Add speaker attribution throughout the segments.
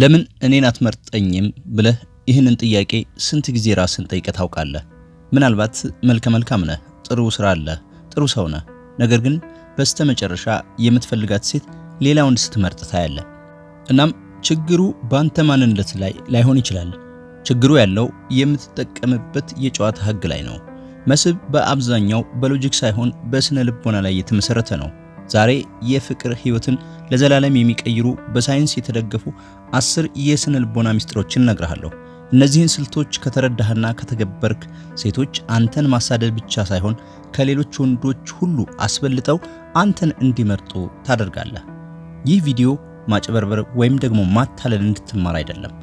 Speaker 1: ለምን እኔን አትመርጠኝም ብለህ ይህንን ጥያቄ ስንት ጊዜ ራስን ጠይቀህ ታውቃለህ? ምናልባት መልከ መልካም ነህ፣ ጥሩ ስራ አለህ፣ ጥሩ ሰው ነህ። ነገር ግን በስተ መጨረሻ የምትፈልጋት ሴት ሌላ ወንድ ስትመርጥ ታያለህ። እናም ችግሩ በአንተ ማንነት ላይ ላይሆን ይችላል። ችግሩ ያለው የምትጠቀምበት የጨዋታ ህግ ላይ ነው። መስህብ በአብዛኛው በሎጂክ ሳይሆን በስነ ልቦና ላይ የተመሰረተ ነው። ዛሬ የፍቅር ህይወትን ለዘላለም የሚቀይሩ በሳይንስ የተደገፉ አስር የስነ ልቦና ሚስጥሮችን እነግርሃለሁ። እነዚህን ስልቶች ከተረዳህና ከተገበርክ ሴቶች አንተን ማሳደድ ብቻ ሳይሆን ከሌሎች ወንዶች ሁሉ አስበልጠው አንተን እንዲመርጡ ታደርጋለህ። ይህ ቪዲዮ ማጭበርበር ወይም ደግሞ ማታለል እንድትማር አይደለም።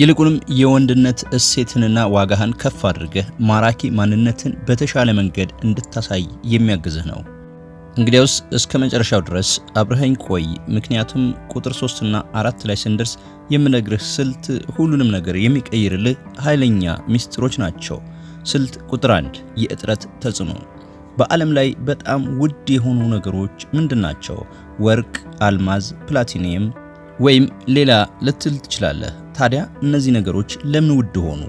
Speaker 1: ይልቁንም የወንድነት እሴትንና ዋጋህን ከፍ አድርገህ ማራኪ ማንነትን በተሻለ መንገድ እንድታሳይ የሚያግዝህ ነው። እንግዲያውስ እስከ መጨረሻው ድረስ አብረኸኝ ቆይ። ምክንያቱም ቁጥር 3 እና 4 ላይ ስንደርስ የምነግርህ ስልት ሁሉንም ነገር የሚቀይርልህ ኃይለኛ ሚስጥሮች ናቸው። ስልት ቁጥር 1 የእጥረት ተጽዕኖ በዓለም ላይ በጣም ውድ የሆኑ ነገሮች ምንድን ናቸው? ወርቅ፣ አልማዝ፣ ፕላቲኒየም ወይም ሌላ ልትል ትችላለህ። ታዲያ እነዚህ ነገሮች ለምን ውድ ሆኑ?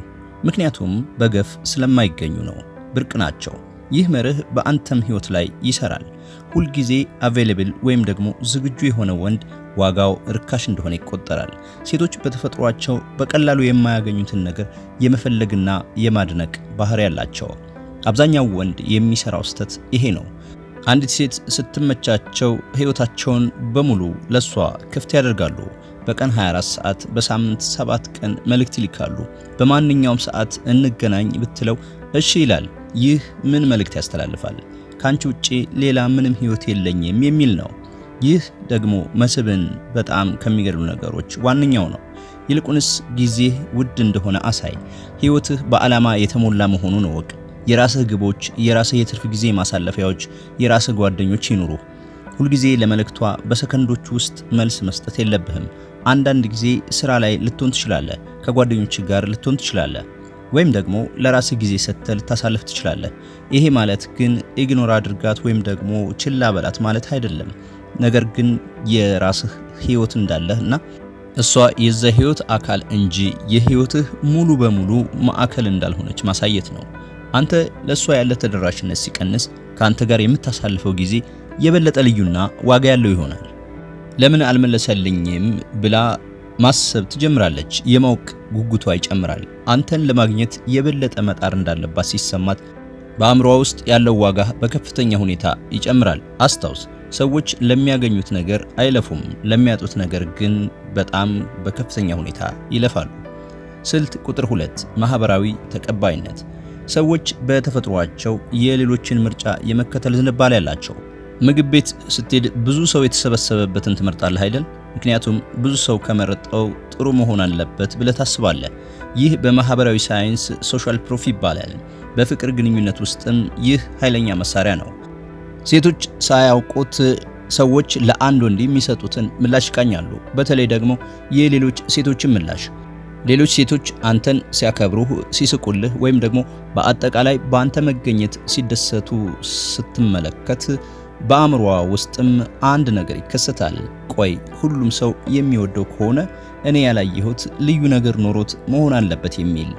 Speaker 1: ምክንያቱም በገፍ ስለማይገኙ ነው። ብርቅ ናቸው። ይህ መርህ በአንተም ህይወት ላይ ይሰራል። ሁልጊዜ አቬለብል ወይም ደግሞ ዝግጁ የሆነ ወንድ ዋጋው ርካሽ እንደሆነ ይቆጠራል። ሴቶች በተፈጥሯቸው በቀላሉ የማያገኙትን ነገር የመፈለግና የማድነቅ ባህሪ ያላቸው። አብዛኛው ወንድ የሚሰራው ስህተት ይሄ ነው። አንዲት ሴት ስትመቻቸው ህይወታቸውን በሙሉ ለሷ ክፍት ያደርጋሉ። በቀን 24 ሰዓት በሳምንት 7 ቀን መልእክት ይልካሉ። በማንኛውም ሰዓት እንገናኝ ብትለው እሺ ይላል። ይህ ምን መልእክት ያስተላልፋል? ካንቺ ውጪ ሌላ ምንም ህይወት የለኝም የሚል ነው። ይህ ደግሞ መስህብን በጣም ከሚገድሉ ነገሮች ዋነኛው ነው። ይልቁንስ ጊዜህ ውድ እንደሆነ አሳይ። ህይወትህ በዓላማ የተሞላ መሆኑን እወቅ። የራስህ ግቦች፣ የራስህ የትርፍ ጊዜ ማሳለፊያዎች፣ የራስህ ጓደኞች ይኑሩ። ሁልጊዜ ለመልእክቷ በሰከንዶች ውስጥ መልስ መስጠት የለብህም። አንዳንድ ጊዜ ስራ ላይ ልትሆን ትችላለህ፣ ከጓደኞች ጋር ልትሆን ትችላለህ። ወይም ደግሞ ለራስ ጊዜ ሰጥተህ ልታሳልፍ ትችላለህ። ይሄ ማለት ግን ኢግኖር አድርጋት ወይም ደግሞ ችላ በላት ማለት አይደለም። ነገር ግን የራስህ ህይወት እንዳለህ እና እሷ የዛ ህይወት አካል እንጂ የህይወትህ ሙሉ በሙሉ ማዕከል እንዳልሆነች ማሳየት ነው። አንተ ለእሷ ያለ ተደራሽነት ሲቀንስ ከአንተ ጋር የምታሳልፈው ጊዜ የበለጠ ልዩና ዋጋ ያለው ይሆናል። ለምን አልመለሰልኝም ብላ ማሰብ ትጀምራለች። የማወቅ ጉጉቷ ይጨምራል። አንተን ለማግኘት የበለጠ መጣር እንዳለባት ሲሰማት በአእምሮዋ ውስጥ ያለው ዋጋ በከፍተኛ ሁኔታ ይጨምራል። አስታውስ፣ ሰዎች ለሚያገኙት ነገር አይለፉም፣ ለሚያጡት ነገር ግን በጣም በከፍተኛ ሁኔታ ይለፋሉ። ስልት ቁጥር ሁለት ማህበራዊ ተቀባይነት። ሰዎች በተፈጥሯቸው የሌሎችን ምርጫ የመከተል ዝንባሌ ያላቸው። ምግብ ቤት ስትሄድ ብዙ ሰው የተሰበሰበበትን ትመርጣለህ አይደል? ምክንያቱም ብዙ ሰው ከመረጠው ጥሩ መሆን አለበት ብለህ ታስባለህ። ይህ በማህበራዊ ሳይንስ ሶሻል ፕሩፍ ይባላል። በፍቅር ግንኙነት ውስጥም ይህ ኃይለኛ መሳሪያ ነው። ሴቶች ሳያውቁት ሰዎች ለአንድ ወንድ የሚሰጡትን ምላሽ ይቃኛሉ። በተለይ ደግሞ የሌሎች ሴቶችን ምላሽ። ሌሎች ሴቶች አንተን ሲያከብሩህ፣ ሲስቁልህ፣ ወይም ደግሞ በአጠቃላይ በአንተ መገኘት ሲደሰቱ ስትመለከት በአእምሮዋ ውስጥም አንድ ነገር ይከሰታል። ቆይ ሁሉም ሰው የሚወደው ከሆነ እኔ ያላየሁት ልዩ ነገር ኖሮት መሆን አለበት የሚል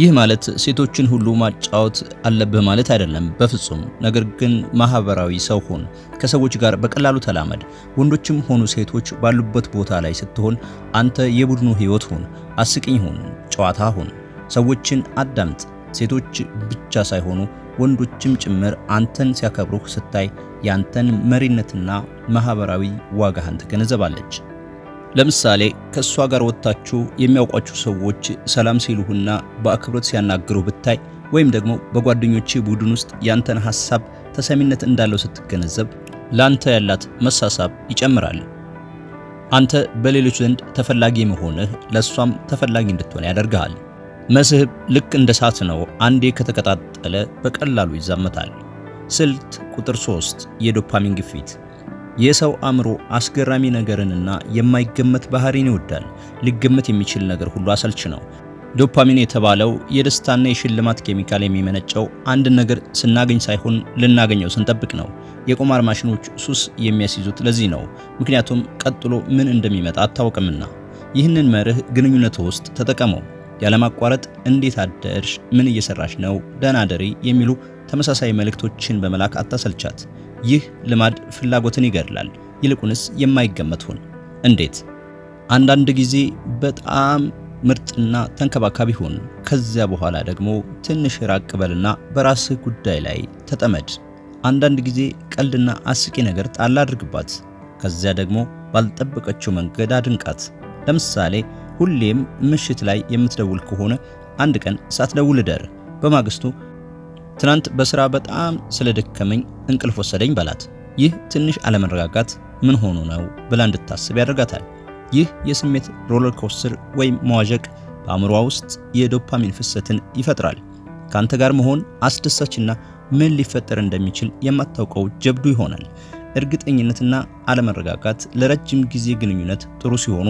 Speaker 1: ይህ ማለት ሴቶችን ሁሉ ማጫወት አለብህ ማለት አይደለም፣ በፍጹም። ነገር ግን ማህበራዊ ሰው ሁን፣ ከሰዎች ጋር በቀላሉ ተላመድ። ወንዶችም ሆኑ ሴቶች ባሉበት ቦታ ላይ ስትሆን አንተ የቡድኑ ህይወት ሁን፣ አስቂኝ ሁን፣ ጨዋታ ሁን፣ ሰዎችን አዳምጥ። ሴቶች ብቻ ሳይሆኑ ወንዶችም ጭምር አንተን ሲያከብሩህ ስታይ ያንተን መሪነትና ማህበራዊ ዋጋህን ትገነዘባለች። ለምሳሌ ከእሷ ጋር ወጥታችሁ የሚያውቋችሁ ሰዎች ሰላም ሲሉህና በአክብሮት ሲያናግሩህ ብታይ ወይም ደግሞ በጓደኞች ቡድን ውስጥ ያንተን ሐሳብ ተሰሚነት እንዳለው ስትገነዘብ ላንተ ያላት መሳሳብ ይጨምራል። አንተ በሌሎች ዘንድ ተፈላጊ መሆንህ ለእሷም ተፈላጊ እንድትሆን ያደርግሃል። መስህብ ልክ እንደ እሳት ነው። አንዴ ከተቀጣጠለ በቀላሉ ይዛመታል። ስልት ቁጥር 3 የዶፓሚን ግፊት። የሰው አእምሮ አስገራሚ ነገርንና የማይገመት ባህሪን ይወዳል። ሊገመት የሚችል ነገር ሁሉ አሰልች ነው። ዶፓሚን የተባለው የደስታና የሽልማት ኬሚካል የሚመነጨው አንድ ነገር ስናገኝ ሳይሆን ልናገኘው ስንጠብቅ ነው። የቁማር ማሽኖች ሱስ የሚያስይዙት ለዚህ ነው። ምክንያቱም ቀጥሎ ምን እንደሚመጣ አታውቅምና። ይህንን መርህ ግንኙነት ውስጥ ተጠቀመው። ያለማቋረጥ እንዴት አደርሽ፣ ምን እየሰራሽ ነው፣ ደህና ደሪ የሚሉ ተመሳሳይ መልእክቶችን በመላክ አታሰልቻት። ይህ ልማድ ፍላጎትን ይገድላል። ይልቁንስ የማይገመት ሁን። እንዴት? አንዳንድ ጊዜ በጣም ምርጥና ተንከባካቢ ሁን። ከዚያ በኋላ ደግሞ ትንሽ ራቅ በልና በራስህ ጉዳይ ላይ ተጠመድ። አንዳንድ ጊዜ ቀልድና አስቂ ነገር ጣል አድርግባት። ከዚያ ደግሞ ባልጠበቀችው መንገድ አድንቃት። ለምሳሌ ሁሌም ምሽት ላይ የምትደውል ከሆነ አንድ ቀን ሳትደውል እደር። በማግስቱ ትናንት በስራ በጣም ስለደከመኝ እንቅልፍ ወሰደኝ በላት። ይህ ትንሽ አለመረጋጋት ምን ሆኖ ነው ብላ እንድታስብ ያደርጋታል። ይህ የስሜት ሮለር ኮስተር ወይም መዋዠቅ በአእምሯ ውስጥ የዶፓሚን ፍሰትን ይፈጥራል። ካንተ ጋር መሆን አስደሳችና ምን ሊፈጠር እንደሚችል የማታውቀው ጀብዱ ይሆናል። እርግጠኝነትና አለመረጋጋት ለረጅም ጊዜ ግንኙነት ጥሩ ሲሆኑ፣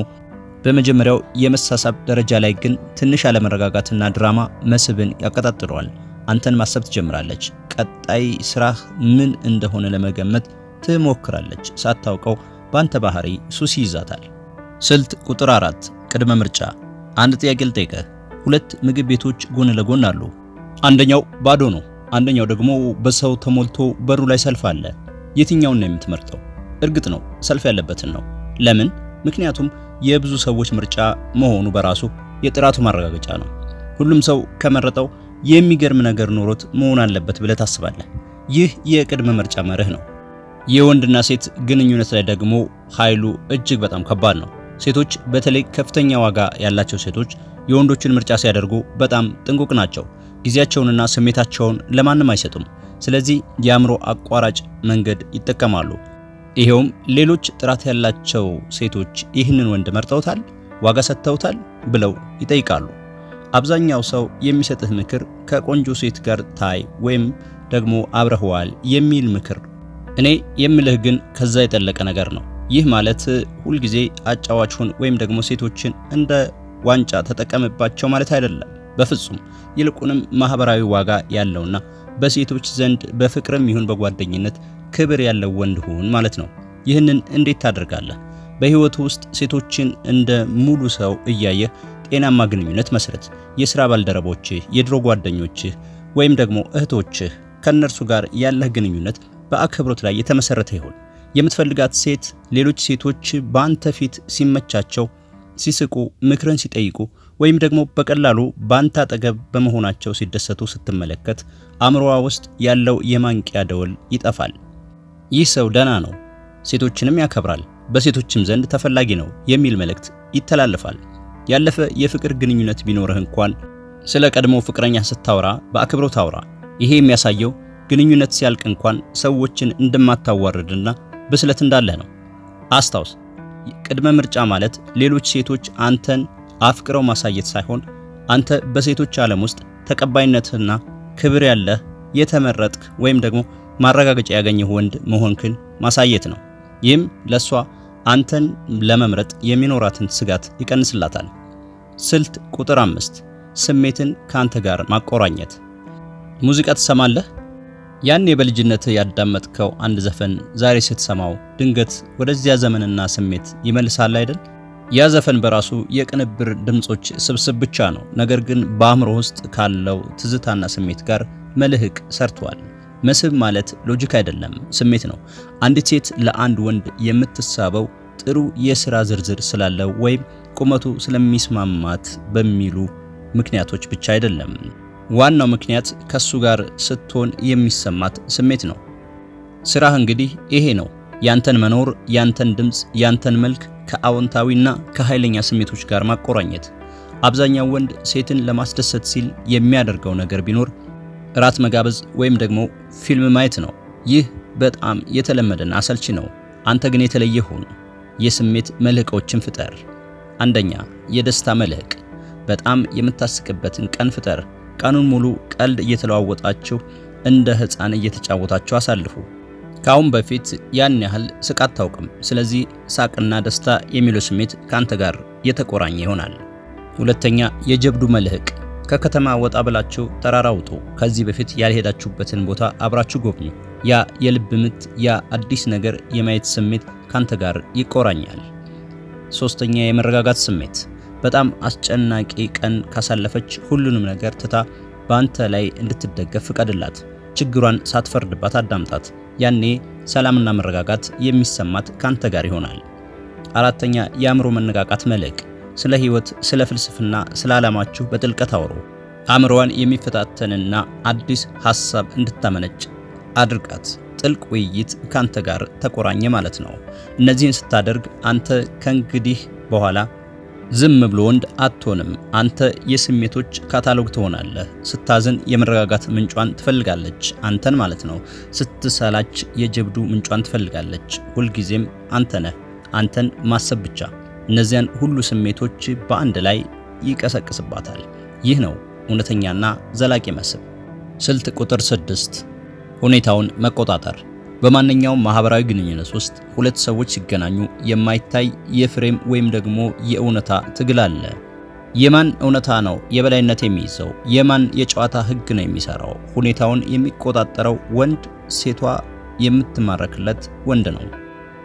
Speaker 1: በመጀመሪያው የመሳሳብ ደረጃ ላይ ግን ትንሽ አለመረጋጋትና ድራማ መስህብን ያቀጣጥለዋል። አንተን ማሰብ ትጀምራለች። ቀጣይ ስራህ ምን እንደሆነ ለመገመት ትሞክራለች። ሳታውቀው በአንተ ባህሪ ሱስ ይይዛታል። ስልት ቁጥር አራት ቅድመ ምርጫ። አንድ ጥያቄ ልጠይቅህ። ሁለት ምግብ ቤቶች ጎን ለጎን አሉ። አንደኛው ባዶ ነው፣ አንደኛው ደግሞ በሰው ተሞልቶ በሩ ላይ ሰልፍ አለ። የትኛውን ነው የምትመርጠው? እርግጥ ነው ሰልፍ ያለበትን ነው። ለምን? ምክንያቱም የብዙ ሰዎች ምርጫ መሆኑ በራሱ የጥራቱ ማረጋገጫ ነው። ሁሉም ሰው ከመረጠው የሚገርም ነገር ኖሮት መሆን አለበት ብለህ ታስባለህ። ይህ የቅድመ ምርጫ መርህ ነው። የወንድና ሴት ግንኙነት ላይ ደግሞ ኃይሉ እጅግ በጣም ከባድ ነው። ሴቶች በተለይ ከፍተኛ ዋጋ ያላቸው ሴቶች የወንዶችን ምርጫ ሲያደርጉ በጣም ጥንቁቅ ናቸው። ጊዜያቸውንና ስሜታቸውን ለማንም አይሰጡም። ስለዚህ የአእምሮ አቋራጭ መንገድ ይጠቀማሉ። ይሄውም ሌሎች ጥራት ያላቸው ሴቶች ይህንን ወንድ መርጠውታል፣ ዋጋ ሰጥተውታል ብለው ይጠይቃሉ። አብዛኛው ሰው የሚሰጥህ ምክር ከቆንጆ ሴት ጋር ታይ ወይም ደግሞ አብረህዋል የሚል ምክር። እኔ የምልህ ግን ከዛ የጠለቀ ነገር ነው። ይህ ማለት ሁልጊዜ አጫዋቹን ወይም ደግሞ ሴቶችን እንደ ዋንጫ ተጠቀምባቸው ማለት አይደለም፣ በፍጹም። ይልቁንም ማህበራዊ ዋጋ ያለውና በሴቶች ዘንድ በፍቅርም ይሁን በጓደኝነት ክብር ያለው ወንድ ሁን ማለት ነው። ይህንን እንዴት ታደርጋለህ? በህይወት ውስጥ ሴቶችን እንደ ሙሉ ሰው እያየህ ጤናማ ግንኙነት መስረት። የስራ ባልደረቦችህ፣ የድሮ ጓደኞችህ ወይም ደግሞ እህቶችህ ከእነርሱ ጋር ያለህ ግንኙነት በአክብሮት ላይ የተመሰረተ ይሁን። የምትፈልጋት ሴት ሌሎች ሴቶች በአንተ ፊት ሲመቻቸው፣ ሲስቁ፣ ምክርን ሲጠይቁ ወይም ደግሞ በቀላሉ በአንተ አጠገብ በመሆናቸው ሲደሰቱ ስትመለከት አእምሮዋ ውስጥ ያለው የማንቂያ ደወል ይጠፋል። ይህ ሰው ደህና ነው፣ ሴቶችንም ያከብራል፣ በሴቶችም ዘንድ ተፈላጊ ነው የሚል መልእክት ይተላለፋል። ያለፈ የፍቅር ግንኙነት ቢኖርህ እንኳን ስለ ቀድሞ ፍቅረኛ ስታወራ በአክብሮት አውራ። ይሄ የሚያሳየው ግንኙነት ሲያልቅ እንኳን ሰዎችን እንደማታዋርድና ብስለት እንዳለህ ነው። አስታውስ፣ ቅድመ ምርጫ ማለት ሌሎች ሴቶች አንተን አፍቅረው ማሳየት ሳይሆን አንተ በሴቶች ዓለም ውስጥ ተቀባይነትና ክብር ያለህ የተመረጥክ ወይም ደግሞ ማረጋገጫ ያገኘህ ወንድ መሆንክን ማሳየት ነው። ይህም ለሷ አንተን ለመምረጥ የሚኖራትን ስጋት ይቀንስላታል። ስልት ቁጥር አምስት ስሜትን ከአንተ ጋር ማቆራኘት። ሙዚቃ ትሰማለህ? ያኔ በልጅነት ያዳመጥከው አንድ ዘፈን ዛሬ ስትሰማው ድንገት ወደዚያ ዘመንና ስሜት ይመልሳል አይደል? ያ ዘፈን በራሱ የቅንብር ድምጾች ስብስብ ብቻ ነው። ነገር ግን በአእምሮ ውስጥ ካለው ትዝታና ስሜት ጋር መልህቅ ሰርቷል። መስህብ ማለት ሎጂክ አይደለም፣ ስሜት ነው። አንዲት ሴት ለአንድ ወንድ የምትሳበው ጥሩ የስራ ዝርዝር ስላለው ወይም ቁመቱ ስለሚስማማት በሚሉ ምክንያቶች ብቻ አይደለም። ዋናው ምክንያት ከሱ ጋር ስትሆን የሚሰማት ስሜት ነው። ስራህ እንግዲህ ይሄ ነው፣ ያንተን መኖር፣ ያንተን ድምፅ፣ ያንተን መልክ ከአዎንታዊና ከኃይለኛ ስሜቶች ጋር ማቆራኘት። አብዛኛው ወንድ ሴትን ለማስደሰት ሲል የሚያደርገው ነገር ቢኖር እራት መጋበዝ ወይም ደግሞ ፊልም ማየት ነው። ይህ በጣም የተለመደና አሰልቺ ነው። አንተ ግን የተለየ ሁን። የስሜት መልህቆችን ፍጠር። አንደኛ የደስታ መልህቅ፣ በጣም የምታስቅበትን ቀን ፍጠር። ቀኑን ሙሉ ቀልድ እየተለዋወጣችሁ እንደ ህፃን እየተጫወታችሁ አሳልፉ። ከአሁን በፊት ያን ያህል ስቅ አታውቅም። ስለዚህ ሳቅና ደስታ የሚለው ስሜት ካንተ ጋር የተቆራኘ ይሆናል። ሁለተኛ የጀብዱ መልህቅ ከከተማ ወጣ ብላችሁ ተራራ ውጡ። ከዚህ በፊት ያልሄዳችሁበትን ቦታ አብራችሁ ጎብኙ። ያ የልብ ምት፣ ያ አዲስ ነገር የማየት ስሜት ካንተ ጋር ይቆራኛል። ሶስተኛ የመረጋጋት ስሜት። በጣም አስጨናቂ ቀን ካሳለፈች ሁሉንም ነገር ትታ በአንተ ላይ እንድትደገፍ ፍቀድላት። ችግሯን ሳትፈርድባት አዳምጣት። ያኔ ሰላምና መረጋጋት የሚሰማት ካንተ ጋር ይሆናል። አራተኛ የአእምሮ መነቃቃት መልሕቅ ስለ ህይወት፣ ስለ ፍልስፍና፣ ስለ ዓላማችሁ በጥልቀት አውሩ። አእምሮዋን የሚፈታተንና አዲስ ሐሳብ እንድታመነጭ አድርጋት። ጥልቅ ውይይት ካንተ ጋር ተቆራኘ ማለት ነው። እነዚህን ስታደርግ አንተ ከእንግዲህ በኋላ ዝም ብሎ ወንድ አትሆንም። አንተ የስሜቶች ካታሎግ ትሆናለህ። ስታዝን የመረጋጋት ምንጯን ትፈልጋለች፣ አንተን ማለት ነው። ስትሰላች የጀብዱ ምንጯን ትፈልጋለች። ሁልጊዜም አንተ ነህ፣ አንተን ማሰብ ብቻ እነዚያን ሁሉ ስሜቶች በአንድ ላይ ይቀሰቅስባታል። ይህ ነው እውነተኛና ዘላቂ መስህብ። ስልት ቁጥር ስድስት ሁኔታውን መቆጣጠር። በማንኛውም ማህበራዊ ግንኙነት ውስጥ ሁለት ሰዎች ሲገናኙ የማይታይ የፍሬም ወይም ደግሞ የእውነታ ትግል አለ። የማን እውነታ ነው የበላይነት የሚይዘው? የማን የጨዋታ ህግ ነው የሚሰራው? ሁኔታውን የሚቆጣጠረው ወንድ፣ ሴቷ የምትማረክለት ወንድ ነው።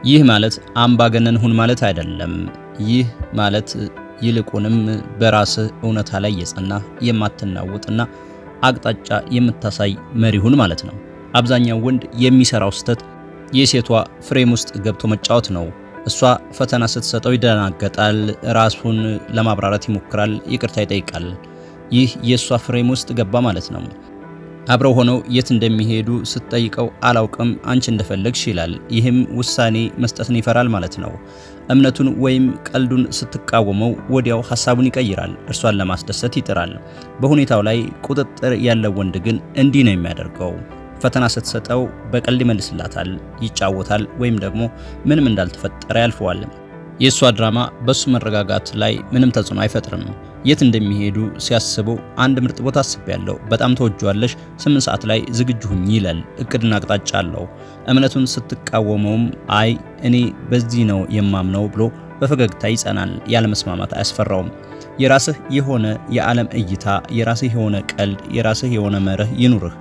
Speaker 1: ይህ ማለት አምባገነን ሁን ማለት አይደለም። ይህ ማለት ይልቁንም በራስህ እውነታ ላይ የጸና የማትናወጥና አቅጣጫ የምታሳይ መሪሁን ማለት ነው። አብዛኛው ወንድ የሚሰራው ስህተት የሴቷ ፍሬም ውስጥ ገብቶ መጫወት ነው። እሷ ፈተና ስትሰጠው ይደናገጣል፣ ራሱን ለማብራራት ይሞክራል፣ ይቅርታ ይጠይቃል። ይህ የእሷ ፍሬም ውስጥ ገባ ማለት ነው። አብረው ሆነው የት እንደሚሄዱ ስትጠይቀው አላውቅም፣ አንቺ እንደፈለግሽ ይላል። ይህም ውሳኔ መስጠትን ይፈራል ማለት ነው። እምነቱን ወይም ቀልዱን ስትቃወመው ወዲያው ሀሳቡን ይቀይራል፣ እርሷን ለማስደሰት ይጥራል። በሁኔታው ላይ ቁጥጥር ያለው ወንድ ግን እንዲህ ነው የሚያደርገው። ፈተና ስትሰጠው በቀልድ ይመልስላታል፣ ይጫወታል፣ ወይም ደግሞ ምንም እንዳልተፈጠረ ያልፈዋል። የእሷ ድራማ በእሱ መረጋጋት ላይ ምንም ተጽዕኖ አይፈጥርም። የት እንደሚሄዱ ሲያስቡ አንድ ምርጥ ቦታ አስቤያለሁ፣ በጣም ተወጇለሽ፣ ስምንት ሰዓት ላይ ዝግጁ ሁኝ ይላል። እቅድና አቅጣጫ አለው። እምነቱን ስትቃወመውም አይ እኔ በዚህ ነው የማምነው ብሎ በፈገግታ ይጸናል። ያለመስማማት አያስፈራውም። የራስህ የሆነ የዓለም እይታ፣ የራስህ የሆነ ቀልድ፣ የራስህ የሆነ መርህ ይኑርህ።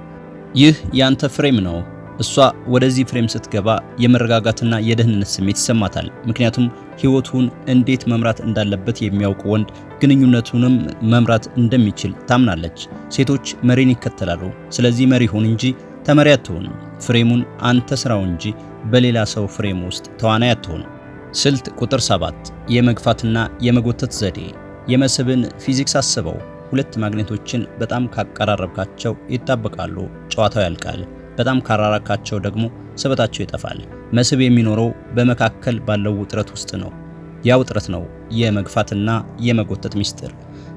Speaker 1: ይህ ያንተ ፍሬም ነው። እሷ ወደዚህ ፍሬም ስትገባ የመረጋጋትና የደህንነት ስሜት ይሰማታል። ምክንያቱም ህይወቱን እንዴት መምራት እንዳለበት የሚያውቅ ወንድ ግንኙነቱንም መምራት እንደሚችል ታምናለች። ሴቶች መሪን ይከተላሉ። ስለዚህ መሪ ሁን እንጂ ተመሪ አትሁን። ፍሬሙን አንተ ስራው እንጂ በሌላ ሰው ፍሬም ውስጥ ተዋናይ አትሁን። ስልት ቁጥር 7 የመግፋትና የመጎተት ዘዴ። የመስህብን ፊዚክስ አስበው። ሁለት ማግኔቶችን በጣም ካቀራረብካቸው ይጣበቃሉ፣ ጨዋታው ያልቃል። በጣም ካራራካቸው ደግሞ ስበታቸው ይጠፋል። መስህብ የሚኖረው በመካከል ባለው ውጥረት ውስጥ ነው። ያ ውጥረት ነው የመግፋትና የመጎተት ሚስጥር።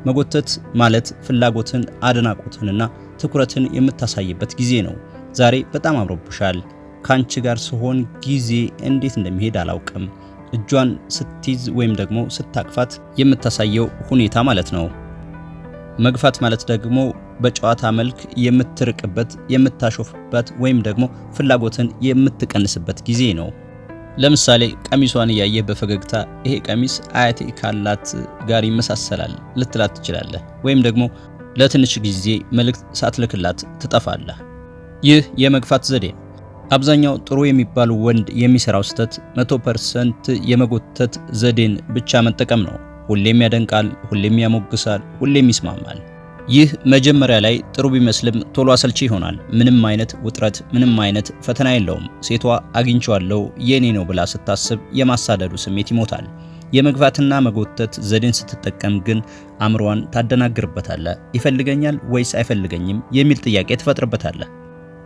Speaker 1: መጎተት ማለት ፍላጎትን፣ አድናቆትንና ትኩረትን የምታሳይበት ጊዜ ነው። ዛሬ በጣም አምሮብሻል። ከአንቺ ጋር ስሆን ጊዜ እንዴት እንደሚሄድ አላውቅም። እጇን ስትይዝ ወይም ደግሞ ስታቅፋት የምታሳየው ሁኔታ ማለት ነው። መግፋት ማለት ደግሞ በጨዋታ መልክ የምትርቅበት የምታሾፍበት ወይም ደግሞ ፍላጎትን የምትቀንስበት ጊዜ ነው። ለምሳሌ ቀሚሷን እያየህ በፈገግታ ይሄ ቀሚስ አያቴ ካላት ጋር ይመሳሰላል ልትላት ትችላለህ። ወይም ደግሞ ለትንሽ ጊዜ መልእክት ሳትልክላት ትጠፋለህ። ይህ የመግፋት ዘዴ ነው። አብዛኛው ጥሩ የሚባሉ ወንድ የሚሰራው ስህተት መቶ ፐርሰንት የመጎተት ዘዴን ብቻ መጠቀም ነው። ሁሌም ያደንቃል፣ ሁሌም ያሞግሳል፣ ሁሌም ይስማማል። ይህ መጀመሪያ ላይ ጥሩ ቢመስልም ቶሎ አሰልቺ ይሆናል። ምንም አይነት ውጥረት፣ ምንም አይነት ፈተና የለውም። ሴቷ አግኝቼዋለሁ የኔ ነው ብላ ስታስብ የማሳደዱ ስሜት ይሞታል። የመግፋትና መጎተት ዘዴን ስትጠቀም ግን አእምሮዋን ታደናግርበታለ ይፈልገኛል ወይስ አይፈልገኝም የሚል ጥያቄ ትፈጥርበታለህ።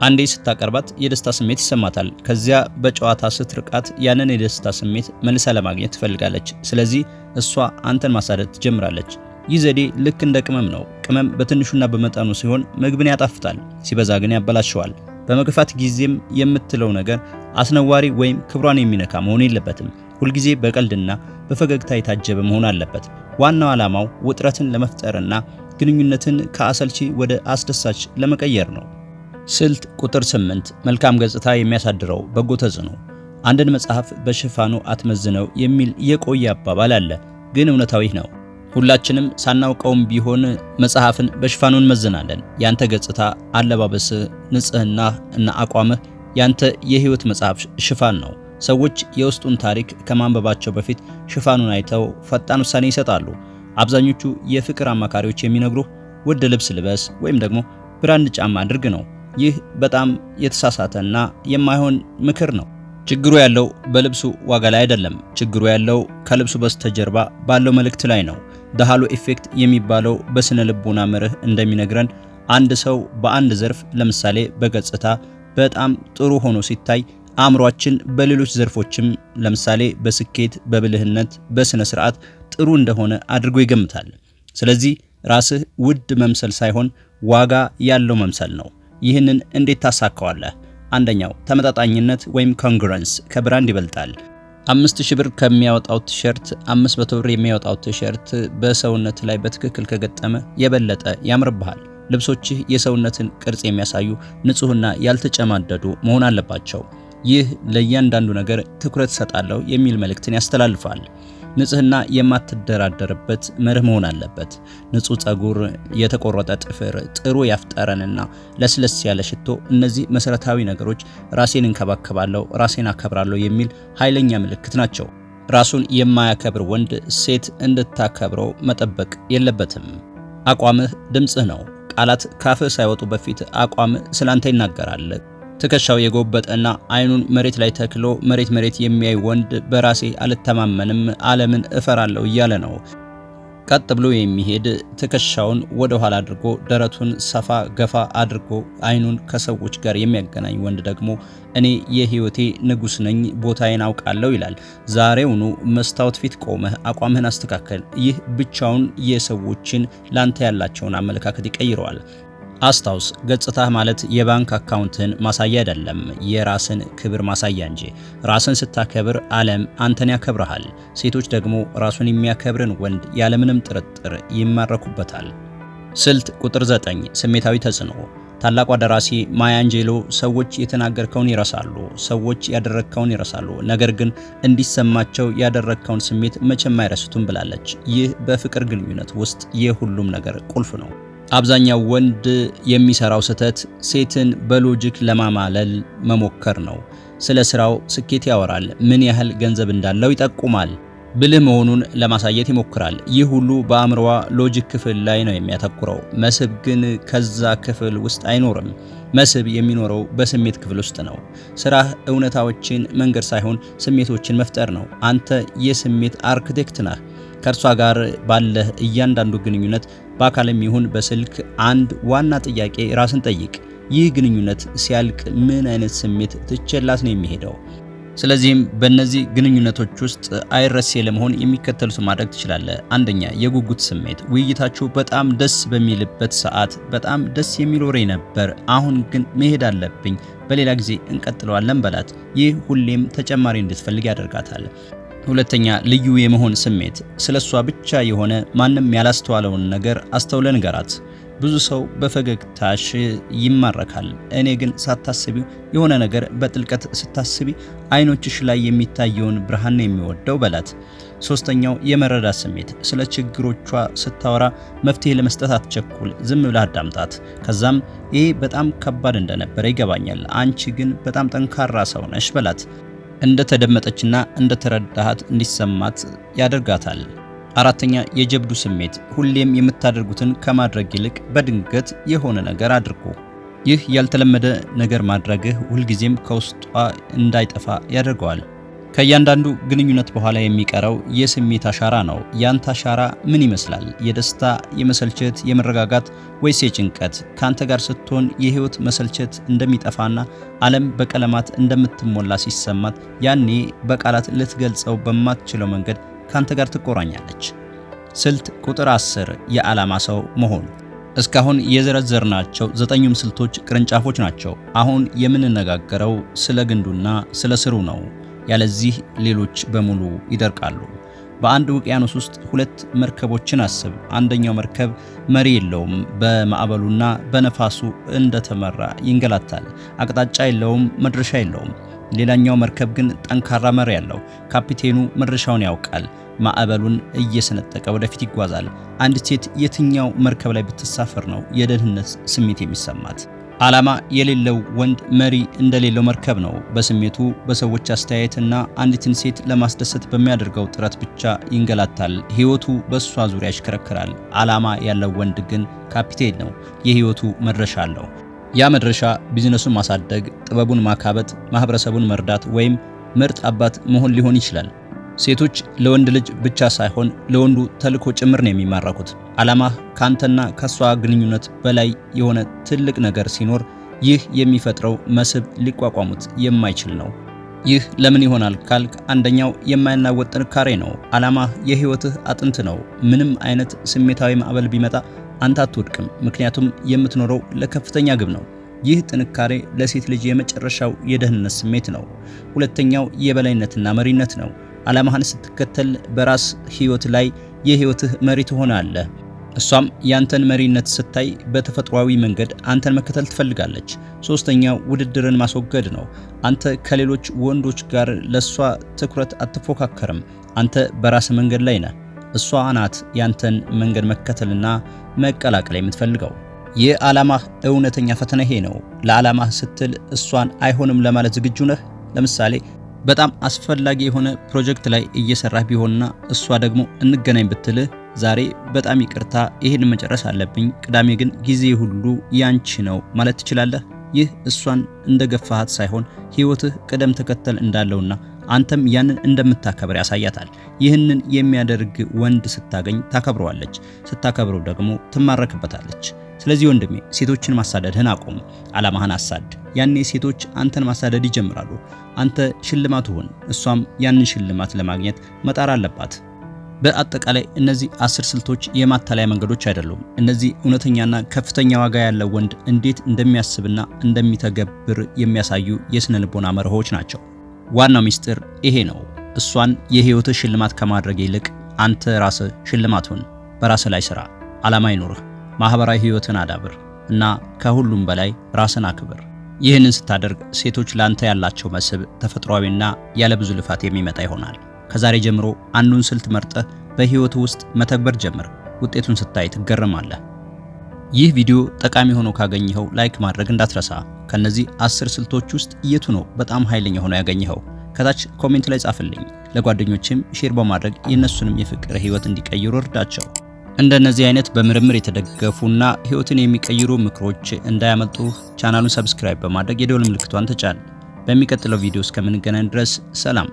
Speaker 1: አንዴ ስታቀርባት የደስታ ስሜት ይሰማታል። ከዚያ በጨዋታ ስትርቃት ያንን የደስታ ስሜት መልሳ ለማግኘት ትፈልጋለች። ስለዚህ እሷ አንተን ማሳደድ ትጀምራለች። ይህ ዘዴ ልክ እንደ ቅመም ነው። ቅመም በትንሹና በመጠኑ ሲሆን ምግብን ያጣፍጣል፣ ሲበዛ ግን ያበላሸዋል። በመግፋት ጊዜም የምትለው ነገር አስነዋሪ ወይም ክብሯን የሚነካ መሆን የለበትም። ሁልጊዜ በቀልድና በፈገግታ የታጀበ መሆን አለበት። ዋናው ዓላማው ውጥረትን ለመፍጠርና ግንኙነትን ከአሰልቺ ወደ አስደሳች ለመቀየር ነው። ስልት ቁጥር 8 መልካም ገጽታ የሚያሳድረው በጎ ተጽዕኖ። አንድን መጽሐፍ በሽፋኑ አትመዝነው የሚል የቆየ አባባል አለ፣ ግን እውነታዊ ነው። ሁላችንም ሳናውቀውም ቢሆን መጽሐፍን በሽፋኑ እንመዝናለን። ያንተ ገጽታ፣ አለባበስህ፣ ንጽህና እና አቋምህ ያንተ የህይወት መጽሐፍ ሽፋን ነው። ሰዎች የውስጡን ታሪክ ከማንበባቸው በፊት ሽፋኑን አይተው ፈጣን ውሳኔ ይሰጣሉ። አብዛኞቹ የፍቅር አማካሪዎች የሚነግሩህ ውድ ልብስ ልበስ ወይም ደግሞ ብራንድ ጫማ አድርግ ነው። ይህ በጣም የተሳሳተና የማይሆን ምክር ነው። ችግሩ ያለው በልብሱ ዋጋ ላይ አይደለም። ችግሩ ያለው ከልብሱ በስተጀርባ ባለው መልእክት ላይ ነው። ደሃሎ ኢፌክት የሚባለው በስነ ልቦና መርህ እንደሚነግረን አንድ ሰው በአንድ ዘርፍ ለምሳሌ በገጽታ በጣም ጥሩ ሆኖ ሲታይ አእምሯችን በሌሎች ዘርፎችም ለምሳሌ በስኬት፣ በብልህነት፣ በስነ ስርዓት ጥሩ እንደሆነ አድርጎ ይገምታል። ስለዚህ ራስህ ውድ መምሰል ሳይሆን ዋጋ ያለው መምሰል ነው። ይህንን እንዴት ታሳካዋለህ? አንደኛው ተመጣጣኝነት ወይም ኮንግረንስ ከብራንድ ይበልጣል። አምስት ሺህ ብር ከሚያወጣው ቲሸርት አምስት መቶ ብር የሚያወጣው ቲሸርት በሰውነት ላይ በትክክል ከገጠመ የበለጠ ያምርብሃል። ልብሶችህ የሰውነትን ቅርጽ የሚያሳዩ ንጹህና ያልተጨማደዱ መሆን አለባቸው። ይህ ለእያንዳንዱ ነገር ትኩረት ሰጣለሁ የሚል መልእክትን ያስተላልፋል። ንጽህና የማትደራደርበት መርህ መሆን አለበት። ንጹህ ጸጉር፣ የተቆረጠ ጥፍር፣ ጥሩ ያፍጠረንና ለስለስ ያለ ሽቶ፣ እነዚህ መሰረታዊ ነገሮች ራሴን እንከባከባለሁ፣ ራሴን አከብራለሁ የሚል ኃይለኛ ምልክት ናቸው። ራሱን የማያከብር ወንድ ሴት እንድታከብረው መጠበቅ የለበትም። አቋምህ ድምፅህ ነው። ቃላት ካፍህ ሳይወጡ በፊት አቋምህ ስላንተ ይናገራል። ትከሻው የጎበጠና አይኑን መሬት ላይ ተክሎ መሬት መሬት የሚያይ ወንድ በራሴ አልተማመንም፣ ዓለምን እፈራለሁ እያለ ነው። ቀጥ ብሎ የሚሄድ ትከሻውን ወደ ኋላ አድርጎ ደረቱን ሰፋ ገፋ አድርጎ አይኑን ከሰዎች ጋር የሚያገናኝ ወንድ ደግሞ እኔ የህይወቴ ንጉስ ነኝ፣ ቦታዬን አውቃለሁ ይላል። ዛሬውኑ መስታወት ፊት ቆመህ አቋምህን አስተካከል። ይህ ብቻውን የሰዎችን ላንተ ያላቸውን አመለካከት ይቀይረዋል። አስታውስ፣ ገጽታህ ማለት የባንክ አካውንትን ማሳያ አይደለም፣ የራስን ክብር ማሳያ እንጂ። ራስን ስታከብር ዓለም አንተን ያከብረሃል። ሴቶች ደግሞ ራሱን የሚያከብርን ወንድ ያለምንም ጥርጥር ይማረኩበታል። ስልት ቁጥር 9 ስሜታዊ ተጽዕኖ። ታላቋ ደራሲ ማያ ሰዎች የተናገርከውን ይረሳሉ፣ ሰዎች ያደረግከውን ይረሳሉ፣ ነገር ግን እንዲሰማቸው ያደረግከውን ስሜት መቼም አይረሱትም ብላለች። ይህ በፍቅር ግንኙነት ውስጥ የሁሉም ነገር ቁልፍ ነው። አብዛኛው ወንድ የሚሰራው ስህተት ሴትን በሎጂክ ለማማለል መሞከር ነው። ስለ ስራው ስኬት ያወራል፣ ምን ያህል ገንዘብ እንዳለው ይጠቁማል፣ ብልህ መሆኑን ለማሳየት ይሞክራል። ይህ ሁሉ በአእምሮዋ ሎጂክ ክፍል ላይ ነው የሚያተኩረው። መስህብ ግን ከዛ ክፍል ውስጥ አይኖርም። መስህብ የሚኖረው በስሜት ክፍል ውስጥ ነው። ስራህ እውነታዎችን መንገድ ሳይሆን ስሜቶችን መፍጠር ነው። አንተ የስሜት አርክቴክት ነህ። ከእርሷ ጋር ባለህ እያንዳንዱ ግንኙነት በአካልም ይሁን በስልክ አንድ ዋና ጥያቄ ራስን ጠይቅ። ይህ ግንኙነት ሲያልቅ ምን አይነት ስሜት ትቼላት ነው የሚሄደው? ስለዚህም በእነዚህ ግንኙነቶች ውስጥ አይረሴ ለመሆን የሚከተሉት ማድረግ ትችላለህ። አንደኛ፣ የጉጉት ስሜት። ውይይታችሁ በጣም ደስ በሚልበት ሰዓት በጣም ደስ የሚል ወሬ ነበር፣ አሁን ግን መሄድ አለብኝ፣ በሌላ ጊዜ እንቀጥለዋለን በላት። ይህ ሁሌም ተጨማሪ እንድትፈልግ ያደርጋታል። ሁለተኛ፣ ልዩ የመሆን ስሜት። ስለ እሷ ብቻ የሆነ ማንም ያላስተዋለውን ነገር አስተውለ ንገራት። ብዙ ሰው በፈገግታሽ ይማረካል። እኔ ግን ሳታስቢው የሆነ ነገር በጥልቀት ስታስቢ አይኖችሽ ላይ የሚታየውን ብርሃን ነው የሚወደው በላት። ሶስተኛው የመረዳት ስሜት። ስለ ችግሮቿ ስታወራ መፍትሄ ለመስጠት አትቸኩል፣ ዝም ብለህ አዳምጣት። ከዛም ይህ በጣም ከባድ እንደነበረ ይገባኛል፣ አንቺ ግን በጣም ጠንካራ ሰው ነሽ በላት። እንደተደመጠችና እንደተረዳሃት እንዲሰማት ያደርጋታል። አራተኛ የጀብዱ ስሜት። ሁሌም የምታደርጉትን ከማድረግ ይልቅ በድንገት የሆነ ነገር አድርጉ። ይህ ያልተለመደ ነገር ማድረግህ ሁልጊዜም ከውስጧ እንዳይጠፋ ያደርገዋል። ከእያንዳንዱ ግንኙነት በኋላ የሚቀረው የስሜት አሻራ ነው። ያንተ አሻራ ምን ይመስላል? የደስታ፣ የመሰልቸት፣ የመረጋጋት ወይስ የጭንቀት? ከአንተ ጋር ስትሆን የህይወት መሰልቸት እንደሚጠፋና ዓለም በቀለማት እንደምትሞላ ሲሰማት ያኔ በቃላት ልትገልጸው በማትችለው መንገድ ከአንተ ጋር ትቆራኛለች። ስልት ቁጥር 10 የዓላማ ሰው መሆን እስካሁን የዘረዘርናቸው ዘጠኙም ስልቶች ቅርንጫፎች ናቸው። አሁን የምንነጋገረው ስለ ግንዱና ስለ ስሩ ነው። ያለዚህ ሌሎች በሙሉ ይደርቃሉ። በአንድ ውቅያኖስ ውስጥ ሁለት መርከቦችን አስብ። አንደኛው መርከብ መሪ የለውም፣ በማዕበሉና በነፋሱ እንደተመራ ይንገላታል። አቅጣጫ የለውም፣ መድረሻ የለውም። ሌላኛው መርከብ ግን ጠንካራ መሪ አለው። ካፒቴኑ መድረሻውን ያውቃል። ማዕበሉን እየሰነጠቀ ወደፊት ይጓዛል። አንዲት ሴት የትኛው መርከብ ላይ ብትሳፈር ነው የደህንነት ስሜት የሚሰማት? ዓላማ የሌለው ወንድ መሪ እንደሌለው መርከብ ነው። በስሜቱ በሰዎች አስተያየትና አንዲትን ሴት ለማስደሰት በሚያደርገው ጥረት ብቻ ይንገላታል። ሕይወቱ በእሷ ዙሪያ ይሽከረከራል ዓላማ ያለው ወንድ ግን ካፒቴን ነው። የሕይወቱ መድረሻ አለው። ያ መድረሻ ቢዝነሱን ማሳደግ፣ ጥበቡን ማካበት፣ ማህበረሰቡን መርዳት ወይም ምርጥ አባት መሆን ሊሆን ይችላል። ሴቶች ለወንድ ልጅ ብቻ ሳይሆን ለወንዱ ተልእኮ ጭምር ነው የሚማረኩት። ዓላማህ ካንተና ከሷ ግንኙነት በላይ የሆነ ትልቅ ነገር ሲኖር ይህ የሚፈጥረው መስህብ ሊቋቋሙት የማይችል ነው። ይህ ለምን ይሆናል ካልክ፣ አንደኛው የማይናወጥ ጥንካሬ ነው። ዓላማህ የህይወትህ አጥንት ነው። ምንም አይነት ስሜታዊ ማዕበል ቢመጣ አንተ አትወድቅም፣ ምክንያቱም የምትኖረው ለከፍተኛ ግብ ነው። ይህ ጥንካሬ ለሴት ልጅ የመጨረሻው የደህንነት ስሜት ነው። ሁለተኛው የበላይነትና መሪነት ነው። ዓላማህን ስትከተል በራስ ህይወት ላይ የህይወትህ መሪ ትሆናለህ። እሷም ያንተን መሪነት ስታይ በተፈጥሯዊ መንገድ አንተን መከተል ትፈልጋለች። ሶስተኛው ውድድርን ማስወገድ ነው። አንተ ከሌሎች ወንዶች ጋር ለሷ ትኩረት አትፎካከርም። አንተ በራስ መንገድ ላይ ነህ። እሷ ናት ያንተን መንገድ መከተልና መቀላቀል የምትፈልገው። የዓላማህ እውነተኛ ፈተና ይሄ ነው። ለዓላማህ ስትል እሷን አይሆንም ለማለት ዝግጁ ነህ? ለምሳሌ በጣም አስፈላጊ የሆነ ፕሮጀክት ላይ እየሰራህ ቢሆንና እሷ ደግሞ እንገናኝ ብትልህ ዛሬ በጣም ይቅርታ ይሄን መጨረስ አለብኝ፣ ቅዳሜ ግን ጊዜ ሁሉ ያንቺ ነው ማለት ትችላለህ። ይህ እሷን ገፋሃት ሳይሆን ህይወትህ ቅደም ተከተል እንዳለውና አንተም ያንን እንደምታከብር ያሳያታል። ይህንን የሚያደርግ ወንድ ስታገኝ ታከብረዋለች፣ ስታከብረው ደግሞ ትማረክበታለች። ስለዚህ ወንድሜ ሴቶችን ማሳደድህን አቁም፣ ዓላማህን አሳድ። ያኔ ሴቶች አንተን ማሳደድ ይጀምራሉ። አንተ ሽልማት ሁን፣ እሷም ያንን ሽልማት ለማግኘት መጣር አለባት። በአጠቃላይ እነዚህ አስር ስልቶች የማታለያ መንገዶች አይደሉም። እነዚህ እውነተኛና ከፍተኛ ዋጋ ያለው ወንድ እንዴት እንደሚያስብና እንደሚተገብር የሚያሳዩ የስነ ልቦና መርሆች ናቸው። ዋናው ሚስጥር ይሄ ነው። እሷን የህይወት ሽልማት ከማድረግ ይልቅ አንተ ራስ ሽልማቱን በራስ ላይ ስራ። ዓላማ ይኑርህ፣ ማህበራዊ ህይወትን አዳብር እና ከሁሉም በላይ ራስን አክብር። ይህንን ስታደርግ ሴቶች ላንተ ያላቸው መስህብ ተፈጥሯዊና ያለ ብዙ ልፋት የሚመጣ ይሆናል። ከዛሬ ጀምሮ አንዱን ስልት መርጠህ በህይወት ውስጥ መተግበር ጀምር። ውጤቱን ስታይ ትገረማለህ። ይህ ቪዲዮ ጠቃሚ ሆኖ ካገኘኸው ላይክ ማድረግ እንዳትረሳ። ከነዚህ አስር ስልቶች ውስጥ የቱ ነው በጣም ኃይለኛ ሆኖ ያገኘኸው? ከታች ኮሜንት ላይ ጻፍልኝ። ለጓደኞችም ሼር በማድረግ የእነሱንም የፍቅር ህይወት እንዲቀይሩ እርዳቸው። እንደነዚህ አይነት በምርምር የተደገፉና ህይወትን የሚቀይሩ ምክሮች እንዳያመልጡ ቻናሉን ሰብስክራይብ በማድረግ የደወል ምልክቷን ተጫን። በሚቀጥለው ቪዲዮ እስከምንገናኝ ድረስ ሰላም።